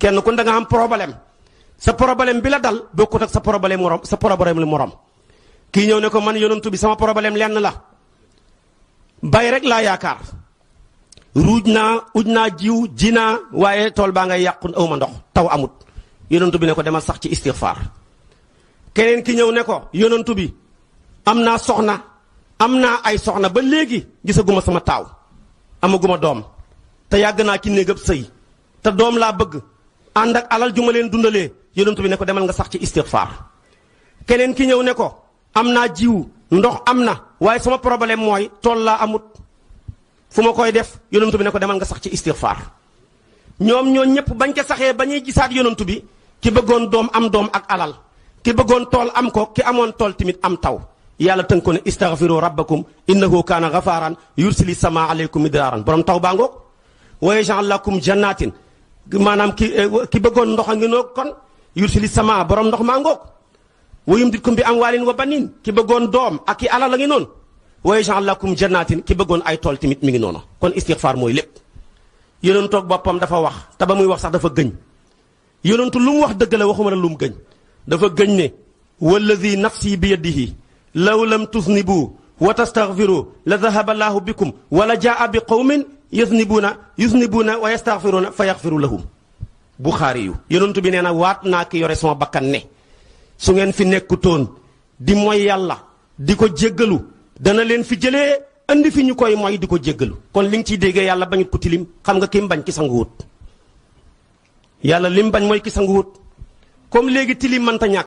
kenn ku danga am problème sa problème bi la dal bokkut ak sa problème morom sa problème lu morom kii ñëw ne ko man yonantu bi sama problème lenn la bay rek laa yaakaar ruuj naa uj naa jiw ji naa waaye tool baa ngay yàqu awma ndox taw amut yonantu bi ne ko demal sax ci istixfaar keneen ki ñëw ne ko yonantu bi am naa soxna am naa ay soxna ba léegi gisaguma sama taaw amaguma doom te yàgg naa ci néegab sëy te doom laa bëgg ànd ak alal ju ma leen dundalee yonent bi ne ko demal nga sax ci istixfaar keneen ki ñëw ne ko am naa jiwu ndox am na waaye su ma problème mooy tool laa amut fu ma koy def yonent bi ne ko demal nga sax ci istixfaar ñoom ñoo ñëpp bañ ca saxee ba ñuy gisaat yonantu bi ki bëggoon doom am doom ak alal ki bëggoon tool am ko ki amoon tool tamit am taw yàlla tënk ko ne istaghfiru rabbakum innahu kaana ghafaran yursili sama aleykum midraaran borom taw baa ngoog wa yaj'al lakum maanaam ki eh, ki bëggoon ndox a ngi noog kon yursili sama borom ndox maa ngoog wayum dit kum bi am waalin wa banin ki bëggoon doom ak i alal a ngi noonu wa yaj'al lakum jannatin ki bëggoon ay tool tamit mu ngi noonu kon istixfaar mooy lépp yonent toog boppam dafa wax te ba muy wax sax dafa gëñ yonentu lu mu wax dëgg la waxuma la lu mu gëñ dafa gëñ ne walladi nafsi bi yadihi law lam tusnibu wa tastaghfiru la dahaba laahu bikum wala jaa bi qawmin na yusnibuuna yusnibuuna wa yastaxfiruuna fa yaxfiru lahum buxaari yu yonent bi nee na waat naa ki yore sama bakkan ne su ngeen fi nekkutoon di mooy yàlla di ko jéggalu dana leen fi jëlee andi fi ñu koy mooy di ko jéggalu kon li nga ciy déggee yàlla bañut ko tilim xam nga ki mu bañ ki sanguwut yàlla li bañ mooy ki sanguwut comme léegi tilim mënta ñàkk